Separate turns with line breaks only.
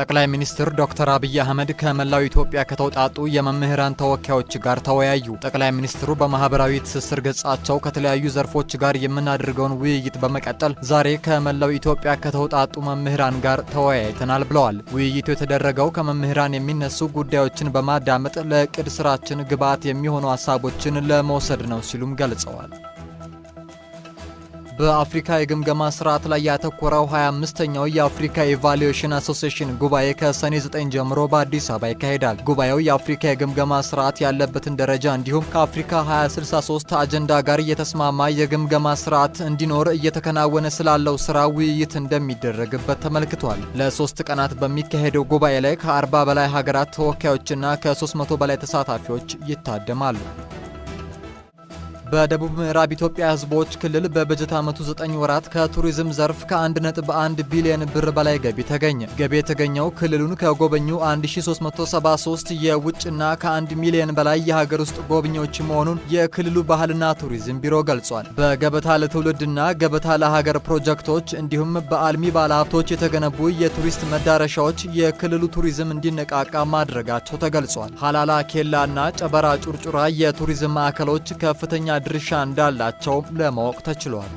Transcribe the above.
ጠቅላይ ሚኒስትር ዶክተር አብይ አህመድ ከመላው ኢትዮጵያ ከተውጣጡ የመምህራን ተወካዮች ጋር ተወያዩ። ጠቅላይ ሚኒስትሩ በማህበራዊ ትስስር ገጻቸው ከተለያዩ ዘርፎች ጋር የምናደርገውን ውይይት በመቀጠል ዛሬ ከመላው ኢትዮጵያ ከተውጣጡ መምህራን ጋር ተወያይተናል ብለዋል። ውይይቱ የተደረገው ከመምህራን የሚነሱ ጉዳዮችን በማዳመጥ ለቅድ ስራችን ግብዓት የሚሆኑ ሀሳቦችን ለመውሰድ ነው ሲሉም ገልጸዋል።
በአፍሪካ የግምገማ ስርዓት ላይ ያተኮረው 25ኛው የአፍሪካ ኢቫሉዌሽን አሶሲሽን ጉባኤ ከሰኔ 9 ጀምሮ በአዲስ አበባ ይካሄዳል። ጉባኤው የአፍሪካ የግምገማ ስርዓት ያለበትን ደረጃ እንዲሁም ከአፍሪካ 2063 አጀንዳ ጋር እየተስማማ የግምገማ ስርዓት እንዲኖር እየተከናወነ ስላለው ስራ ውይይት እንደሚደረግበት ተመልክቷል። ለሶስት ቀናት በሚካሄደው ጉባኤ ላይ ከ40 በላይ ሀገራት ተወካዮችና ከ300 በላይ ተሳታፊዎች ይታደማሉ። በደቡብ ምዕራብ ኢትዮጵያ ህዝቦች ክልል በበጀት ዓመቱ 9 ወራት ከቱሪዝም ዘርፍ ከ1.1 ቢሊዮን ብር በላይ ገቢ ተገኘ። ገቢ የተገኘው ክልሉን ከጎበኙ 1373 የውጭና ከ1 ሚሊዮን በላይ የሀገር ውስጥ ጎብኚዎች መሆኑን የክልሉ ባህልና ቱሪዝም ቢሮ ገልጿል። በገበታ ለትውልድና ገበታ ለሀገር ፕሮጀክቶች እንዲሁም በአልሚ ባለሀብቶች የተገነቡ የቱሪስት መዳረሻዎች የክልሉ ቱሪዝም እንዲነቃቃ ማድረጋቸው ተገልጿል። ሀላላ ኬላና ጨበራ ጩርጩራ የቱሪዝም ማዕከሎች ከፍተኛ ድርሻ እንዳላቸው ለማወቅ ተችሏል።